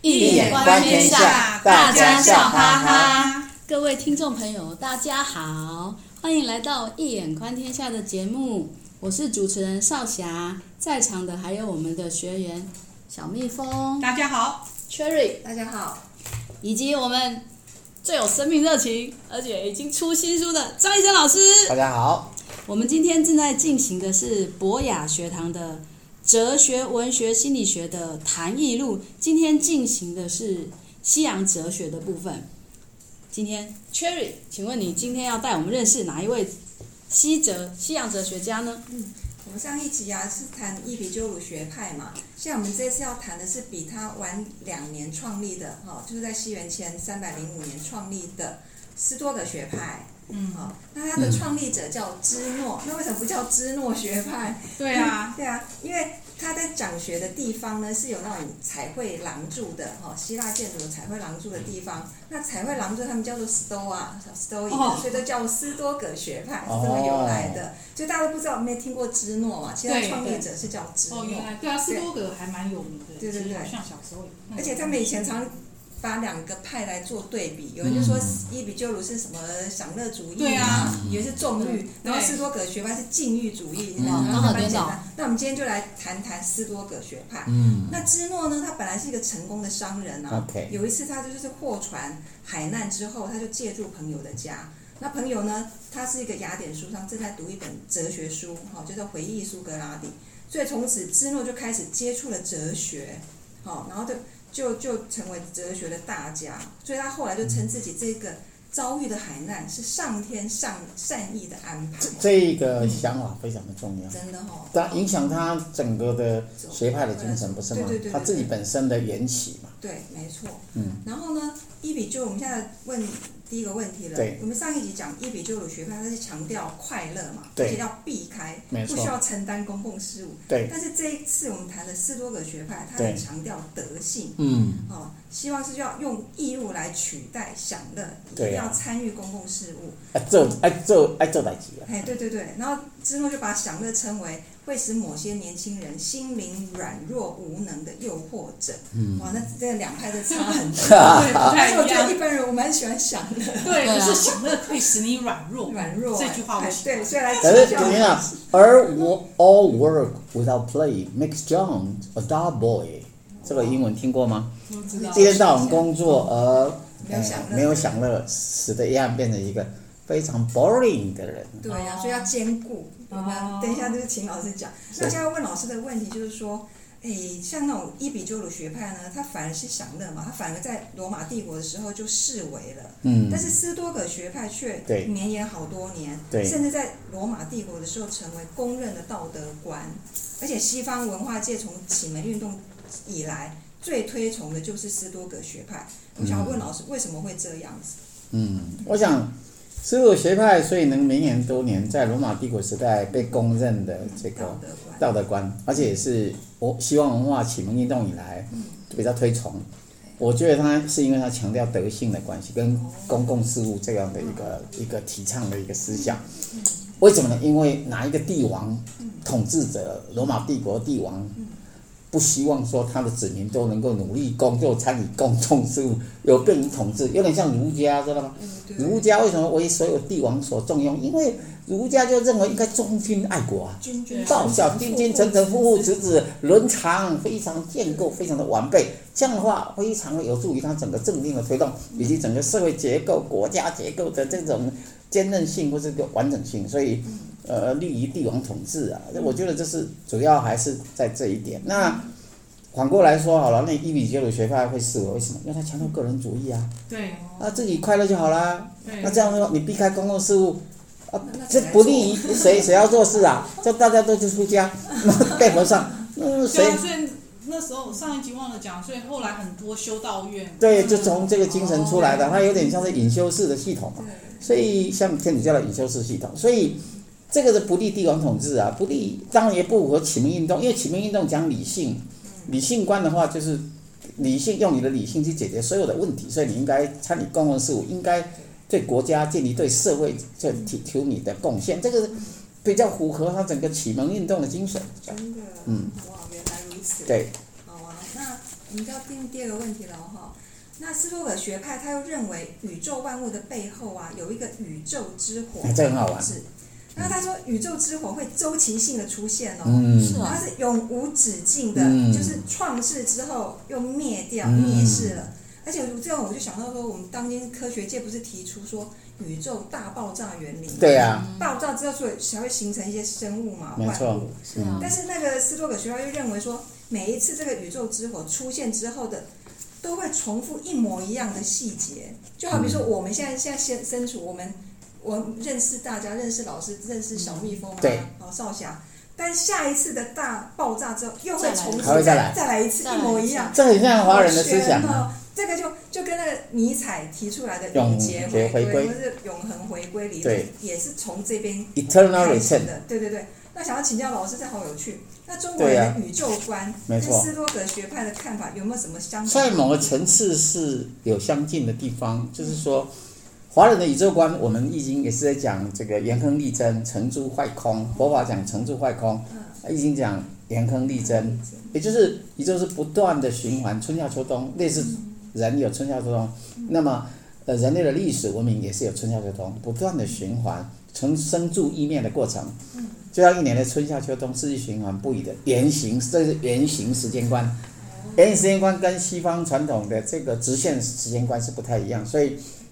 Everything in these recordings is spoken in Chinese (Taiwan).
易眼觀天下，大家笑哈哈。哈哈各位聽眾朋友，大家好，歡迎來到《易眼觀天下》的節目。我是主持人少俠，在場的還有我們的學員小蜜蜂，大家好；Cherry，大家好，Cherry，大家好，以及我們最有生命熱情，而且已經出新書的張易生老師，大家好。我們今天正在進行的是博雅學堂的。哲學、文學、心理學的談藝錄，今天進行的是西洋哲學的部分。今天 Cherry，請問你今天要帶我們認識哪一位西哲、西洋哲學家呢？嗯，我們上一集啊是談伊比鳩魯學派嘛，現在我們這次要談的是比他晚兩年創立的，哈，就是在西元前三百零五年創立的斯多葛學派。嗯好。那它的創立者叫芝諾，那為什麼不叫芝諾學派？對啊、嗯，對啊，因為他在講學的地方呢是有那種彩繪廊柱的哈、哦，希臘建築的彩繪廊柱的地方。那彩繪廊柱他們叫做斯多小 Stoa Stoic、哦、所以都叫斯多葛學派、哦、是這麼由來的。就大家都不知道沒聽過芝諾嘛，其實創立者是叫芝諾。對啊，斯多葛還蠻有名的，對對對，對對像小時候，嗯、而且他們以前常。把兩個派來做對比，有人就說伊比鳩魯是什麼享樂主義，啊，啊、嗯，也是重慾；嗯、然後斯多葛學派是禁慾主義，哦、嗯，很好對，那我們今天就來談談斯多葛學派。嗯，那芝諾呢？他本來是一個成功的商人啊，嗯、有一次他就是貨船海難之後，他就借住朋友的家。那朋友呢，他是一個雅典書商，正在讀一本哲學書，好，叫做《回憶蘇格拉底》，所以從此芝諾就開始接觸了哲學，好，然後就。就就成為哲學的大家，所以他後來就稱自己這個遭遇的海難是上天上善意的安排。這，這個想法非常的重要，嗯、真的哈、哦，它、嗯、影響他整個的學派的精神不是嗎？對對對對對，他自己本身的緣起嘛，對對，對，沒錯。嗯，然後呢，伊比就我們現在問。第一個問題了，對我們上一集講伊比鳩魯學派，它是強調快樂嘛，強要對避開，沒錯不需要承擔公共事務。對，但是這一次我們談的斯多葛學派，他很強調德性，對嗯，哦，希望是要用義務來取代享樂，對啊、要參與公共事務。哎，這哎這哎做哪集啊？哎，對對對，然後。芝諾就把享樂稱為會使某些年輕人心靈軟弱無能的誘惑者。嗯，哇，那這兩派的差很多，對，不所以我覺得一般人我蠻喜歡享樂，對，就是享樂會使你軟弱，軟弱。這句話我，對，再來強調一下。而 all work without play makes John a dull boy，這個英文聽過嗎？我知道。一天到晚工作而沒有享樂，使得一樣變成一個，非常 boring 的人，對呀、啊，所以要兼顧。我們、oh. 等一下就是請老師講。那現在問老師的問題就是說，對哎，像那種伊比鳩魯學派呢，他反而是享樂嘛，他反而在羅馬帝國的時候就式微了。嗯。但是斯多葛學派卻綿延好多年，對，甚至在羅馬帝國的時候成為公認的道德觀。而且西方文化界從啟蒙運動以來，最推崇的就是斯多葛學派。我想問老師，為什麼會這樣子？嗯，我想。 斯多噶學派所以能綿延多年，在羅馬帝國時代被公認的這個道德觀，而且也是西方文化啟蒙運動以來比較推崇。我覺得它是因為它強調德性的關係，跟公共事務這樣的一個一個提倡的一個思想。為什麼呢？因為哪一個帝王統治者，羅馬帝國帝王？不希望說他的子民都能夠努力工作、參與公眾事務，有便於統治，有點像儒家，嗯、知道嗎？嗯、儒家為什麼為所有帝王所重用？因為儒家就認為應該忠君愛國啊，孝孝君君絕，臣臣，父父，子子，倫常非常建構，非常的完備，這樣的話非常有助於他整個政令的推動，以及整個社會結構、國家結構的這種堅韌性或這個完整性，所以。嗯呃，利於帝王統治啊，那我覺得這是主要還是在這一點。那反過來說好了，那伊比鳩魯學派會式微？為什麼？因為他強調個人主義啊，對，那、哦啊、自己快樂就好啦。對那這樣說，對你避開公共事務，啊，這不利於誰？誰要做事啊？ 這大家都去出家，拜和尚，嗯，對，所以那時候上一集忘了講，所以後來很多修道院，對，就從這個精神出來的，哦、它有點像是隱修士的系統嘛。對所以像天主教的隱修士系統，所以。這個是不利帝王統治啊，不利當然也不符合啟蒙運動，因為啟蒙運動講理性，理性觀的話就是理性，用你的理性去解決所有的問題，所以你應該參與公共事務，應該對國家建立，對社會就提出你的貢獻，這個比較符合他整個啟蒙運動的精神。真的，嗯，哇，原來如此。對，好啊，那我們就要進入第二個問題了哈、哦。那斯多噶學派他又認為宇宙萬物的背後啊，有一個宇宙之火，這很好玩。那他說，宇宙之火會周期性的出現哦，是它、嗯、是永無止境的，嗯、就是創世之後又滅掉、嗯、滅世了。而且最後我就想到說，我們當今科學界不是提出說宇宙大爆炸原理？對啊，爆炸之後才會才會形成一些生物嘛，萬物。是啊、但是那個斯多噶學校又認為說，每一次這個宇宙之火出現之後的，都會重複一模一樣的細節，就好比說我們現在、嗯、現在身身處我們。我認識大家，認識老師，認識小蜜蜂，對，老少俠。但下一次的大爆炸之後，又會重來，再來一次，一模一樣。這很像華人的思想。這個就就跟那個尼采提出來的永劫回歸，或者是永恆回歸理論，也是從這邊 eternal 開始的。對對對。那想要請教老師，這好有趣。那中國人的宇宙觀跟斯多葛學派的看法有沒有什麼相？在某個層次是有相近的地方，就是說。華人的宇宙觀，我們《易經》也是在講這個“元亨利貞，成住壞空”。佛法講“成住壞空”，《易經》講“元亨利貞”，也就是宇宙是不斷的循環，春夏秋冬，類似人有春夏秋冬。嗯、那麼，呃，人類的歷史文明也是有春夏秋冬，不斷的循環，從生住異滅的過程。就像一年的春夏秋冬，四季循環不已的圓形，這是圓形時間觀。圓形時間觀跟西方傳統的這個直線時間觀是不太一樣，所以。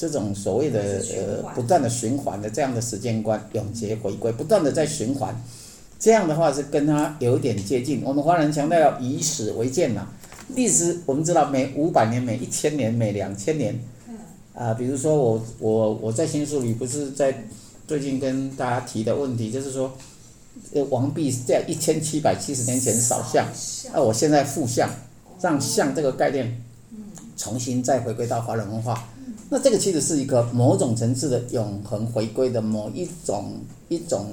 這種所謂的呃不斷的循環的這樣的時間觀，永劫回歸，不斷的在循環，這樣的話是跟它有點接近。我們華人強調要以史為鑒吶，歷史我們知道每五百年、每一千年、每兩千年，啊、呃，比如說我我我在新書裡不是在最近跟大家提的問題，就是說，王弼在一千七百七十年前掃象，啊像，我現在復象，讓象這個概念，嗯，重新再回歸到華人文化。那這個其實是一個某種層次的永恆回歸的某一種一種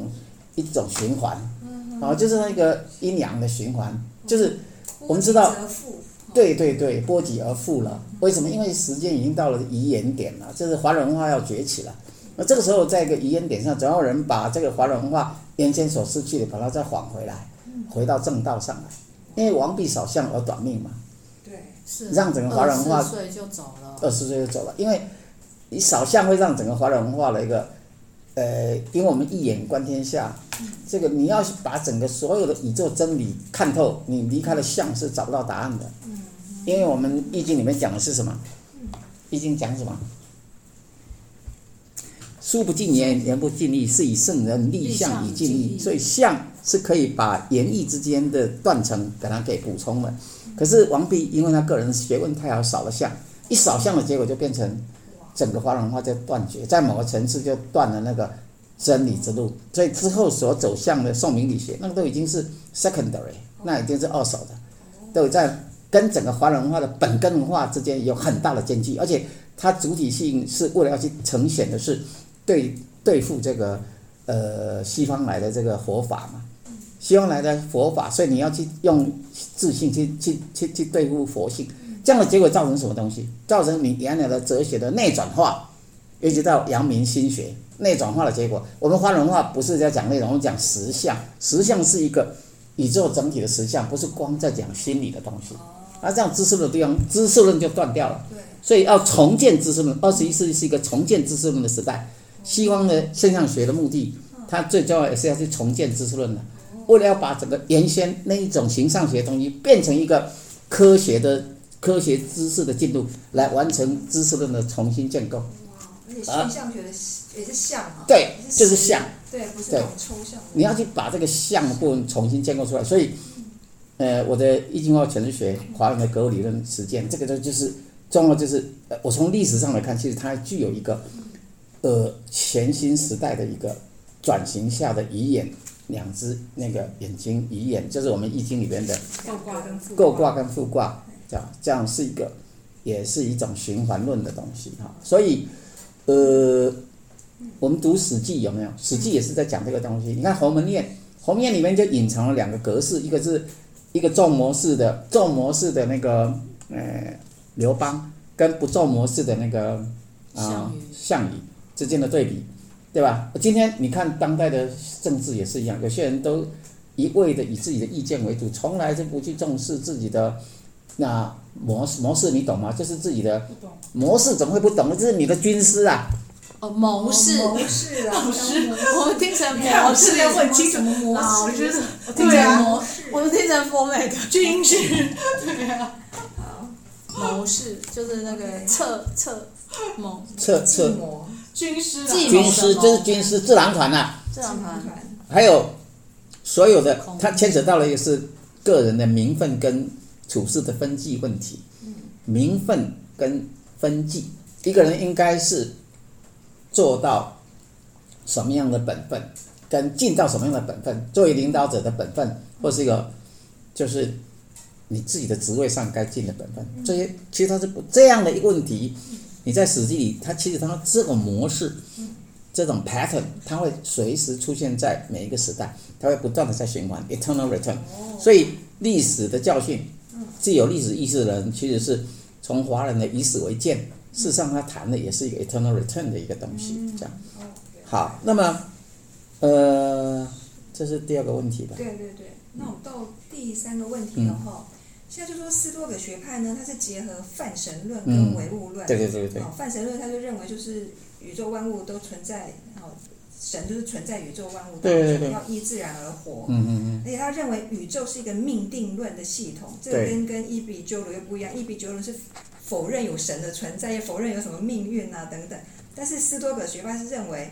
一種循環，啊，就是那個陰陽的循環，就是我們知道，對對對，剝極而復了。為什麼？因為時間已經到了遺言點了，就是華人文化要崛起了。那這個時候，在一個遺言點上，總要人把這個華人文化變遷所失去的，把它再緩回來，回到正道上來，因為王弼掃象而短命嘛。讓整個華人文化，二十歲就走了。二十歲就走了，因為你掃象會讓整個華人文化的一個，呃，因為我們易眼觀天下，嗯、這個你要把整個所有的宇宙真理看透，你離開了象是找不到答案的。嗯嗯、因為我們易經裡面講的是什麼？易經、嗯、講什麼？書不盡言，言不盡意，是以聖人立象以盡意。以盡意。所以象是可以把言意之間的斷層給它給補充了。可是王弼，因為他個人學問太好，掃了象，一掃象的結果就變成，整個華人文化就斷絕，在某個層次就斷了那個真理之路，所以之後所走向的宋明理學，那個都已經是 secondary，那已經是二手的，都在跟整個華人文化的本根文化之間有很大的間距，而且它主體性是為了要去呈現的是對對付這個呃西方來的這個佛法嘛。西方來的佛法，所以你要去用自信去去去去，去對付佛性，這樣的結果造成什麼東西？造成你原來的哲學的內轉化，一直到陽明心學內轉化的結果。我們華人話不是在講內容，我講實相，實相是一個宇宙整體的實相，不是光在講心理的東西。啊，這樣知識論的地方，知識論就斷掉了。對，所以要重建知識論。二十一世紀是一個重建知識論的時代。西方的現象學的目的，它最重要也是要去重建知識論的。為了要把整個原先那一種形上學的東西變成一個科學的科學知識的進度，來完成知識論的重新建構。哇，而且形上學的也是象，哦、啊，對，是就是象對，不是抽象，你要去把這個象部分重新建構出來。所以，嗯、呃，我的易經化詮釋學、華人的格物理論實踐，這個呢就是中國，重要就是呃，我從歷史上來看，其實它還具有一個呃全新時代的一個轉型下的遺言。兩隻那個眼睛魚眼，就是我們易經裡面的，姤卦跟復卦，這樣這樣是一個，也是一種循環論的東西哈。所以，呃，我們讀史記有沒有？史記也是在講這個東西。你看鴻門宴，鴻門宴裡面就隱藏了兩個格式，一個是一個重模式的，重模式的那個呃劉邦，跟不重模式的那個啊項羽之間的對比。對吧？今天你看當代的政治也是一樣，有些人都一味的以自己的意見為主，從來就不去重視自己的那模式懂模式，你懂嗎？就是自己的模式，怎麼會不懂？就是你的軍師啊！懂哦，謀士，謀士啊，謀士是，我們聽成模式，要問清楚啊！謀士，對啊，我們聽起來 o 美的。a 軍師，對啊，謀士就是那個策策謀，策策謀軍師，軍師，軍師這是軍師智囊團吶，智囊團、啊。囊還有所有的，他牽扯到了一個是個人的名分跟處事的分際問題。名分跟分際，一個人應該是做到什麼樣的本分，跟盡到什麼樣的本分。作為領導者的本分，或是一個就是你自己的職位上該盡的本分。這些其實他是這樣的一個問題。你在史記裡，它其實它這個模式，這種 pattern，它會隨時出現在每一個時代，它會不斷的在循環，eternal return。所以歷史的教訓，具有歷史意識的人，其實是從華人的以史為鑑，事實上他談的也是一個 eternal return 的一個東西，這樣。好，那麼呃，這是第二個問題吧？對對對，那我到第三個問題的話。嗯現在就說斯多噶學派呢，它是結合泛神論跟唯物論。嗯、對對對對哦，泛神論他就認為就是宇宙萬物都存在，哦，神就是存在宇宙萬物當中對對對，要依自然而活。嗯嗯哼嗯。而且他認為宇宙是一個命定論的系統，嗯、哼這個跟，對跟伊比鳩魯又不一樣。伊比鳩魯是否認有神的存在，也否認有什麼命運啊等等。但是斯多噶學派是認為，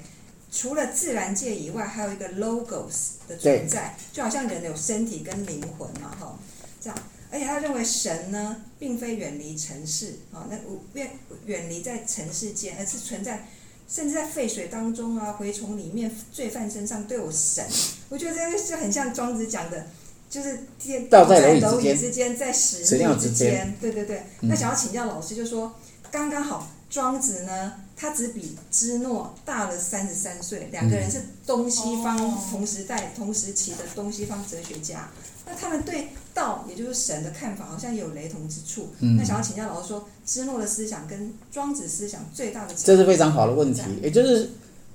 除了自然界以外，還有一個 logos 的存在，對就好像人有身體跟靈魂嘛，哈，這樣。而且他認為神呢，並非遠離塵世啊，那、哦、遠遠離在塵世間，而是存在，甚至在廢水當中啊、蛔蟲裡面、罪犯身上都有神。 我覺得這是很像莊子講的，就是天在螻蟻之,之間，在屎尿之間。之間對對對，嗯、那想要請教老師，就說剛剛好，莊子呢，他只比芝諾大了三十三歲，兩個人是東西方同時,、嗯、同時代、同時期的東西方哲學家。那他們對道，也就是神的看法，好像有雷同之處。嗯、那想要請教老師說，說芝諾的思想跟莊子思想最大的這是非常好的問題，也就是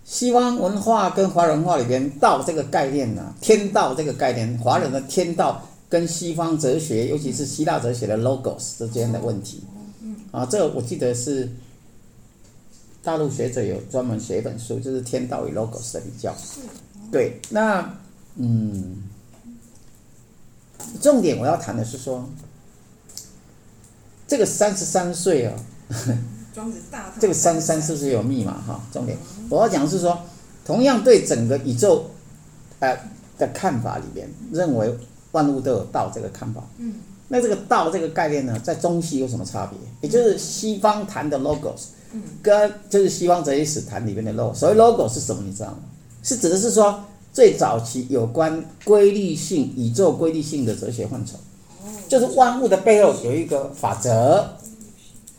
西方文化跟華人文化裡邊道這個概念、啊、天道這個概念，華人的天道跟西方哲學，尤其是希臘哲學的 logos 之間的問題。嗯嗯、啊，這我記得是大陸學者有專門寫一本書，就是《天道與 logos 的比較》。是，嗯、對，那嗯。重點我要談的是說，這個三十三歲啊呵呵，這個三十三是不是有密碼哈、哦？重點我要講是說，同樣對整個宇宙，呃的看法裡面，認為萬物都有道這個看法。嗯。那這個道這個概念呢，在中西有什麼差別？也就是西方談的 logos，跟就是西方哲學史談裡面的 logos，所謂 logos 是什麼？你知道嗎？是指的是說，最早期有關規律性、宇宙規律性的哲學範疇，哦、就是萬物的背後有一個法則，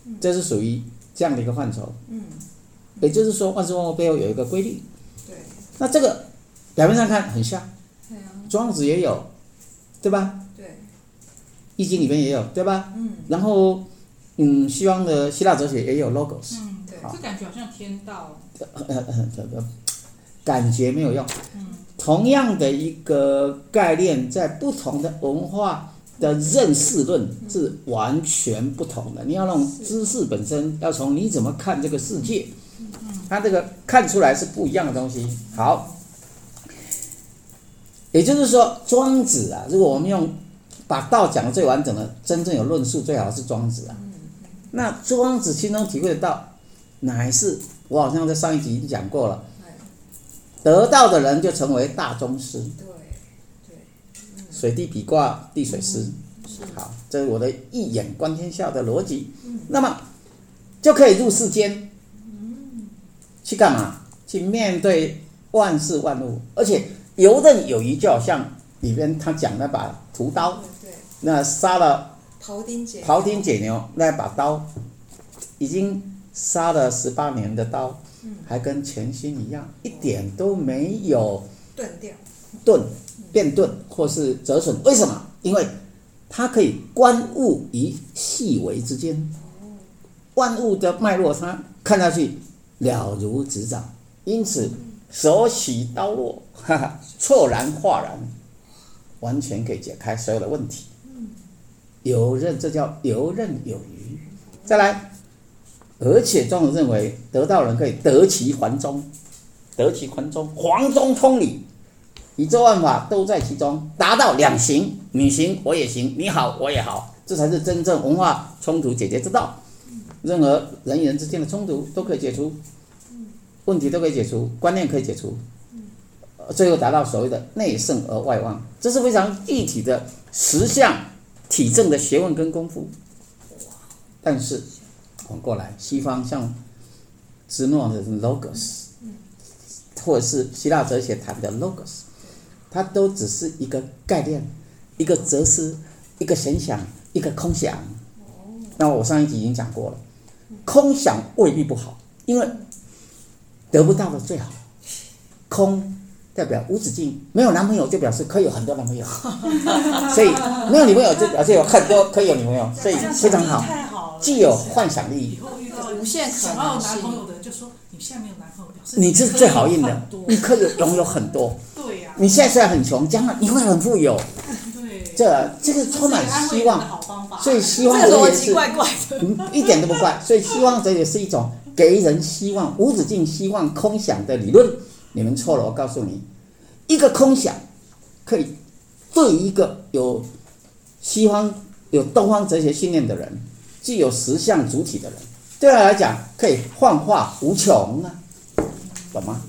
嗯嗯、這是屬於這樣的一個範疇。嗯嗯、也就是說，萬事萬物背後有一個規律。對那這個表面上看很像，莊子、啊、也有，對吧？對。易經裡面也有，對吧？嗯、然後，嗯，西方的希臘哲學也有 logos。嗯，對，這好感覺好像天道、哦。 感覺沒有用。同樣的一個概念，在不同的文化的認識論是完全不同的。你要弄知識本身，要從你怎麼看這個世界，它這個看出來是不一樣的東西。好，也就是說，莊子啊，如果我們用把道講的最完整的，真正有論述，最好是莊子啊。那莊子心中體會的道，乃是我好像在上一集已經講過了。得到的人就成為大宗師。對，對，嗯、水地比卦，地水師。嗯、好，這是我的易眼觀天下的邏輯。嗯、那麼就可以入世間，去幹嘛？嗯、去面對萬事萬物，而且游刃有餘，就好像裡面他講那把屠刀，那殺了庖丁解牛，庖丁解牛那把刀，已經殺了十八年的刀。還跟全新一樣，一點都沒有斷掉，鈍，變鈍，或是折損。為什麼？因為它可以觀物於細微之間，萬物的脈絡它看下去了如指掌，因此手起刀落，哈哈錯然化然，完全可以解開所有的問題。遊刃，這叫遊刃有餘。再來。而且莊子認為，得道人可以得其環中，得其環中，環中通理，宇宙萬法都在其中，達到兩行，你行我也行，你好我也好，這才是真正文化衝突解決之道。嗯、任何人與人之間的衝突都可以解除，問題都可以解除，觀念可以解除，最後達到所謂的內聖而外王，這是非常具體的實相體證的學問跟功夫。但是。過來，西方像芝諾的 logos，或者是希臘哲學談的 logos，它都只是一個概念，一個哲思，一個神想，一個空想。那我上一集已經講過了，空想未必不好，因為得不到的最好空，代表無止境，沒有男朋友就表示可以有很多男朋友， 所以沒有女朋友就表示有很多可以有女朋友，所以非常好，太好了。既有幻想力，以後遇到無限渴望男朋友的，就說你現在沒有男朋友表示，你這是最好運的，你可以擁有很多。 對呀、啊，你現在雖然很窮，將來你會很富有。 對這這個充滿希望，所以希望者也是，嗯，一點都不怪。 所以希望者也是一種給人希望、無止境希望、空想的理論。你們錯了，我告訴你，一個空想，可以對一個有西方有東方哲學訓練的人，具有實相主體的人，對他來講可以幻化無窮啊，懂嗎？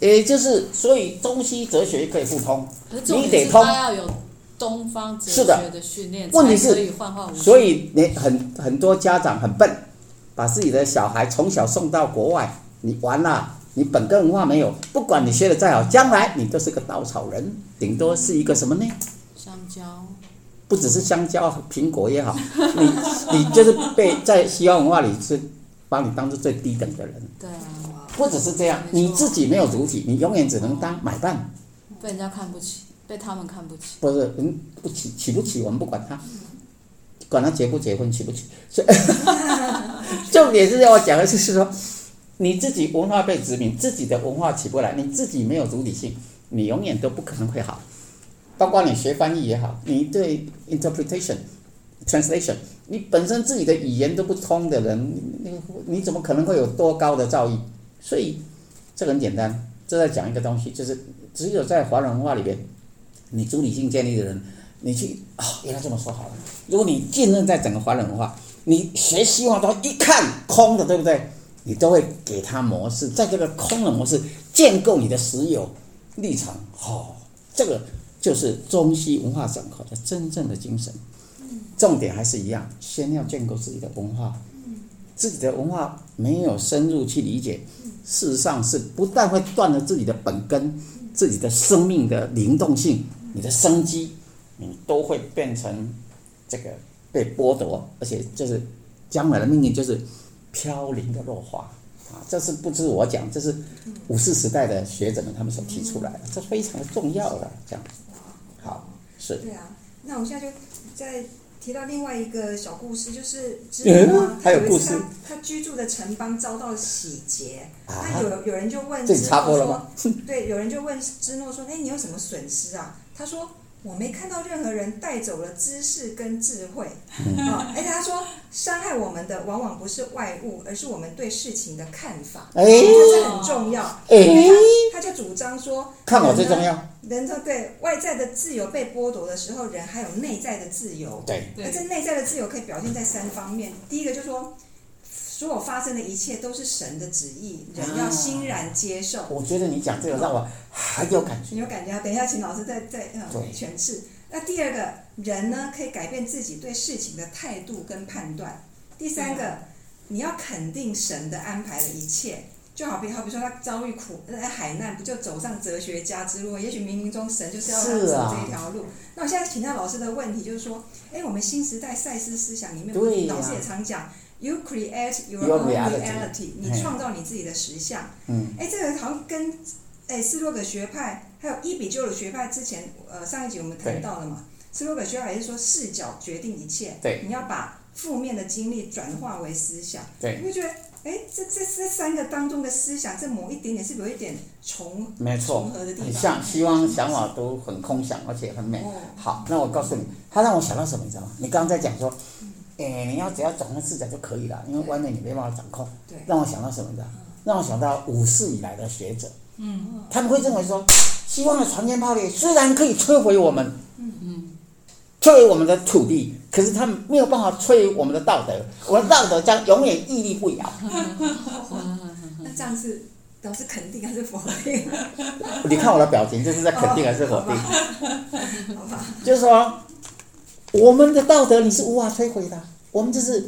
也、哦、就是所以中西哲學可以互通，你得通他要有東方哲學的訓練，問題是所以你很很多家長很笨，把自己的小孩從小送到國外，你完了、啊。你本科文化沒有，不管你學的再好，將來你都是個稻草人，頂多是一個什麼呢？香蕉，不只是香蕉，蘋果也好， 你你就是被在西方文化裡是把你當做最低等的人。對啊。不只是這樣， 你自己沒有主體，你永遠只能當、哦、買辦，被人家看不起，被他們看不起。不是，嗯，不起，起不起，我們不管他，管他結不結婚，娶不娶。所以， 重點是要我講的就是說。你自己文化被殖民，自己的文化起不來，你自己沒有主體性，你永遠都不可能會好。包括你學翻譯也好，你對 interpretation，translation，你本身自己的語言都不通的人，你，你怎麼可能會有多高的造詣？所以這個很簡單，這在講一個東西，就是只有在華人文化裡邊，你主體性建立的人，你去啊，原、哦、該這麼說好了。如果你浸潤在整個華人文化，你學西方都一看空的，對不對？你都會給他模式，在這個空的模式建構你的實有立場。好、哦，這個就是中西文化整合的真正的精神。重點還是一樣，先要建構自己的文化。自己的文化沒有深入去理解，事實上是不但會斷了自己的本根，自己的生命的靈動性，你的生機，你都會變成這個被剝奪，而且就是將來的命運就是。飄零的落花啊，這是不知我講？這是五四時代的學者們他們所提出來、嗯、是的，的，這非常重要的這樣子。好，是對啊。那我現在就再提到另外一個小故事，就是芝諾，他、嗯、有故事。他居住的城邦遭到了洗劫，那、啊、有有人就問芝諾說：“對，有人就問芝諾說，哎、欸，你有什麼損失啊？”他說。我沒看到任何人帶走了知識跟智慧、嗯哦，而且他說，傷害我們的往往不是外物，而是我們對事情的看法。哎、欸，這很重要，欸他。他就主張說，看法最重要。人，人對對外在的自由被剝奪的時候，人還有內在的自由。對，這內在的自由可以表現在三方面。第一個就是說。如果發生的一切都是神的旨意，人要欣然接受。啊、我覺得你講這個讓我很有感覺。你有感覺啊！等一下，請老師再對再嗯詮釋。那第二個人呢，可以改變自己對事情的態度跟判斷。第三個，嗯、你要肯定神的安排的一切。就好比，好比說他遭遇苦、呃、海難，不就走上哲學家之路？也許冥冥中神就是要他走這一條路。啊、那我現在請教老師的問題就是說，哎，我們新時代賽斯思想裡面，啊、老師也常講。You create your own reality. 你創造你自己的實相。哎，這個好像跟斯多噶學派，還有伊比鳩魯學派之前，呃，上一集我們談到了嘛。斯多噶學派還是說視角決定一切。對，你要把負面的經歷轉化為思想。對，你會覺得，哎，這這這三個當中的思想，這某一點點是不是有一點重，沒錯，重合的地方。像希望想法都很空想，而且很美好。那我告訴你，他讓我想到什麼，你知道嗎？你剛才講說。哎、欸，你要只要掌握視角就可以了，因為外面你沒辦法掌控。讓我想到什麼呢、嗯、讓我想到五四以來的學者。嗯嗯。他們會認為說，西方的船堅炮利雖然可以摧毀我們，嗯嗯，摧毀我們的土地，可是他們沒有辦法摧毀我們的道德。我的道德將永遠屹立不搖。那這樣是表示肯定還是否定？ 嗯、你看我的表情，這、就是在肯定還是否定？哦、好吧 就是說。我們的道德你是無法摧毀的，我們就是，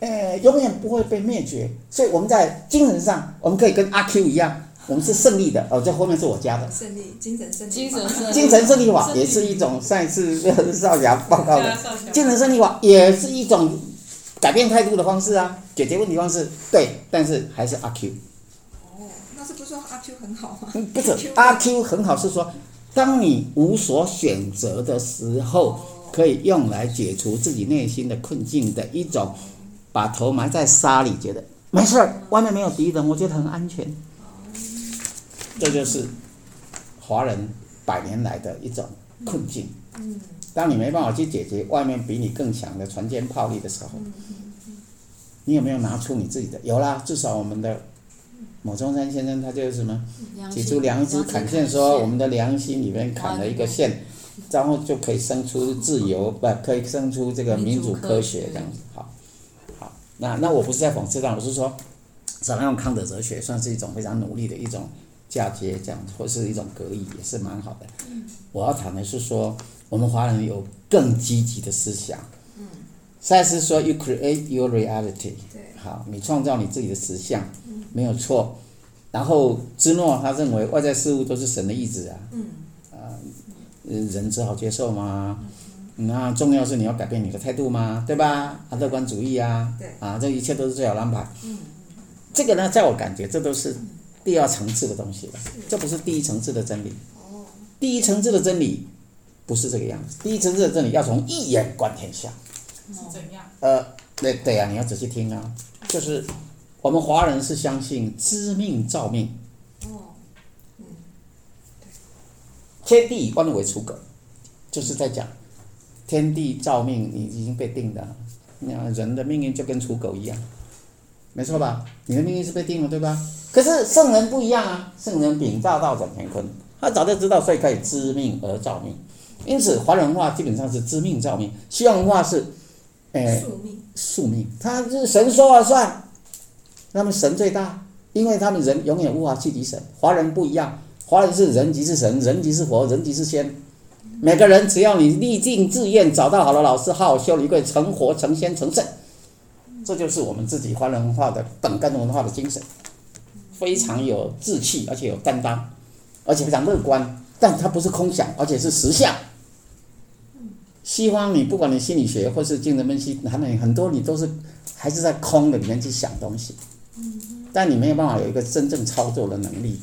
呃，永遠不會被滅絕，所以我們在精神上，我們可以跟阿 Q 一樣，我們是勝利的。哦，這後面是我加的。勝利，精神勝利，精神勝，精神勝利法也是一種。上一次少俠報告的，嗯、精神勝利法也是一種改變態度的方式啊，嗯、解決問題方式。對，但是還是阿 Q。哦，那是不是說阿 Q 很好啊？不是，阿 Q，阿 Q 很好是說，當你無所選擇的時候。哦可以用來解除自己內心的困境的一種，把頭埋在沙裡，覺得沒事兒，外面沒有敵人，我覺得很安全。嗯、這就是華人百年來的一種困境。嗯、當你沒辦法去解決外面比你更強的船堅炮利的時候，嗯、你有沒有拿出你自己的？有啦，至少我們的牟宗三先生他就是什麼，解出良知坎陷，說我們的良心裡面坎了一個陷。嗯然後就可以生出自由，嗯嗯、不，可以生出這個民主科學這樣子，好，好，那那我不是在諷刺他，我是說，怎麼樣，康德哲學算是一種非常努力的一種嫁接，這樣或是一種格義，也是蠻好的。嗯、我要談的是說，我們華人有更積極的思想。嗯。賽斯說：“You create your reality。”對，好，你創造你自己的實相，嗯、沒有錯。然後，芝諾他認為外在事物都是神的意志啊。嗯人只好接受嘛，那重要是你要改變你的態度嘛，對吧？啊，樂觀主義啊，對啊，這一切都是最好的安排。嗯，這個呢，在我感覺，這都是第二層次的東西了，是這不是第一層次的真理。哦，第一層次的真理不是這個樣子。第一層次的真理要從易眼觀天下。是怎樣？呃，對對啊，你要仔細聽啊，就是我們華人是相信知命造命。天地以萬物為芻狗，就是在講天地造命，你已經被定了。那人的命運就跟芻狗一樣，沒錯吧？你的命運是被定了，對吧？可是聖人不一樣啊，聖人稟大道，掌乾坤，他早就知道，所以可以知命而造命。因此，華人文化基本上是知命造命，西洋文化是誒、呃、宿命，宿命，他是神說了算，他們神最大，因為他們人永遠無法去比神。華人不一樣。華人是人即是神，人即是佛，人即是仙。每個人只要你立定志願，找到好的老師，好，好修你會成佛成仙成聖，這就是我們自己華人文化的本根文化的精神，非常有志氣，而且有擔當，而且非常樂觀。但它不是空想，而且是實相。西方你不管你心理學或是精神分析，他們很多你都是還是在空的裡面去想東西，但你沒有辦法有一個真正操作的能力。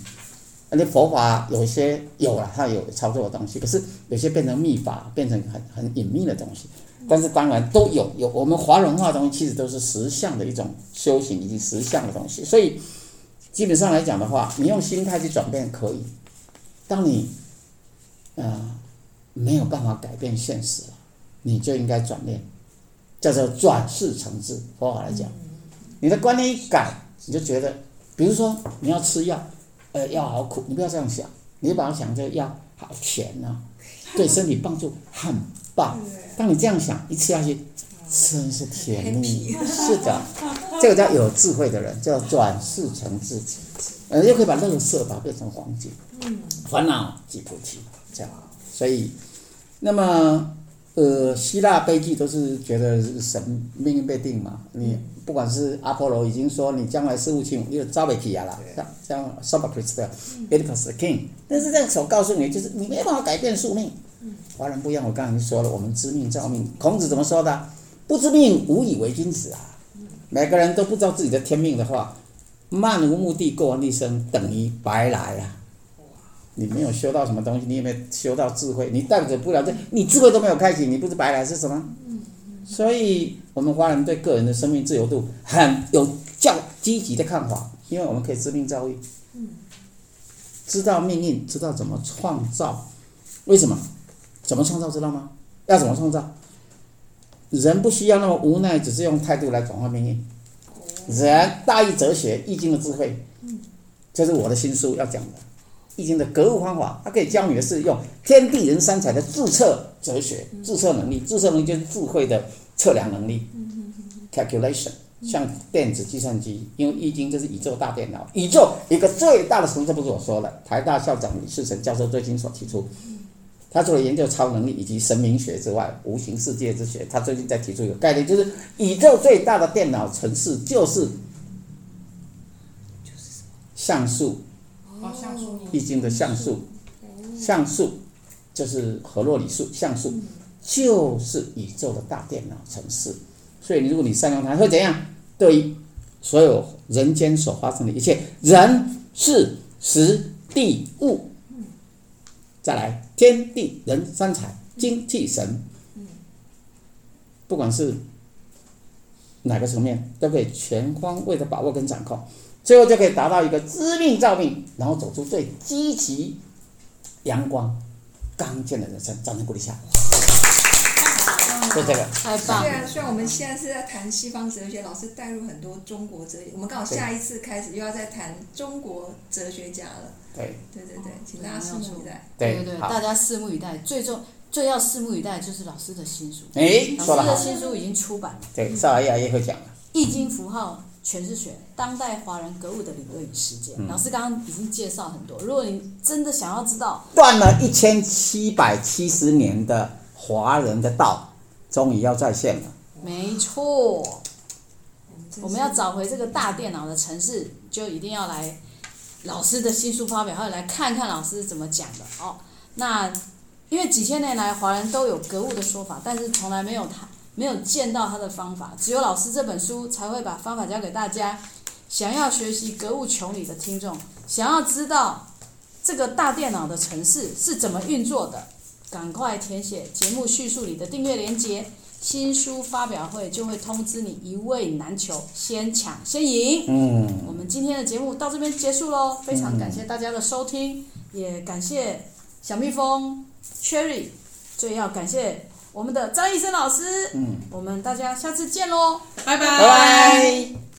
那佛法有些有了，它有操作的東西，可是有些變成密法，變成很很隱秘的東西。但是當然都有，有我們華人文化的東西，其實都是實相的一種修行以及實相的東西。所以基本上來講的話，你用心態去轉變可以。當你呃沒有辦法改變現實，你就應該轉變，叫做轉識成智。佛法來講，你的觀念一改，你就覺得，比如說你要吃藥。呃，藥好苦，你不要這樣想，你把它想着藥好甜呢，啊，對身體幫助很棒。當你這樣想，一吃下去，真是甜蜜。是的，這個叫有智慧的人，就要轉世成自己，呃，又可以把那個色它變成黃金。嗯，煩惱即菩提，這樣啊，所以，那麼。呃，希臘悲劇都是覺得神命運被定嘛，你不管是阿波羅已經說你將來事務卿又招不起啊啦，像對像 Sophocles 的 Oedipus the King，但是這樣子我告訴你，就是你沒辦法改變宿命。華人不一樣，我剛才說了，我們知命造命。孔子怎麼說的？不知命，無以為君子啊。每個人都不知道自己的天命的話，漫無目的過完一生，等於白來啊。你沒有修到什麼東西，你也沒有修到智慧，你帶走不了這，你智慧都沒有開啟，你不是白來是什麼？所以我們華人對個人的生命自由度很有較積極的看法，因為我們可以知命造命。嗯，知道命運，知道怎麼創造，為什麼？怎麼創造知道嗎？要怎麼創造？人不需要那麼無奈，只是用態度來轉化命運。人大於哲學，《易經》的智慧，嗯，這是我的新書要講的。《易經》的格物方法，它可以教你的是用天地人三才的自測哲學、自測能力、自測能力就是智慧的測量能力、嗯嗯嗯，calculation 像電子計算機，因為《易經》就是宇宙大電腦。宇宙一個最大的程式，不是我說的，台大校長李嗣涔教授最近所提出，他除了研究超能力以及神明學之外，無形世界之學，他最近在提出一個概念，就是宇宙最大的電腦程式就是象數。易、哦、經的象數，象數就是河洛理數，象數就是宇宙的大電腦程式。所以，如果你善用它，會怎樣？對所有人間所發生的一切，人、事、時、地、物，再來天地人三才，精氣神，不管是哪個層面，都可以全方位的把握跟掌控。最後就可以達到一個知命造命，然後走出最積極、陽光、剛健的人生。掌聲鼓勵下，啊、就這個，太棒了、啊！雖然我們現在是在談西方哲學，老師帶入很多中國哲學。我們剛好下一次開始又要再談中國哲學家了。對，對對對，請大家拭目以待。對對，對，好對，對，對大家拭目以待。最終最要拭目以待就是老師的新書。哎、欸、說了哈，老師的新書已經出版了。對，趙阿姨也姨會講《易經、嗯、符號》。全是學當代華人格物的理論與實踐。嗯、老師剛剛已經介紹很多，如果你真的想要知道，斷了一千七百七十年的華人的道，終於要再現了，哇沒錯錯，我們要找回這個大電腦的城市，就一定要來老師的新書發表，還來看看老師怎麼講的哦。那因為幾千年來華人都有格物的說法，但是從來沒有談。沒有見到他的方法，只有老師這本書才會把方法教給大家。想要學習格物窮理的聽眾，想要知道這個大電腦的程式是怎麼運作的，趕快填寫節目敘述裡的訂閱鏈接。新書發表會就會通知你，一位難求，先搶先贏。嗯，我們今天的節目到這邊結束嘍，非常感謝大家的收聽，嗯、也感謝小蜜蜂 Cherry，最要感謝。我們的張易生老師，嗯，我們大家下次見嘍，拜拜 bye。Bye bye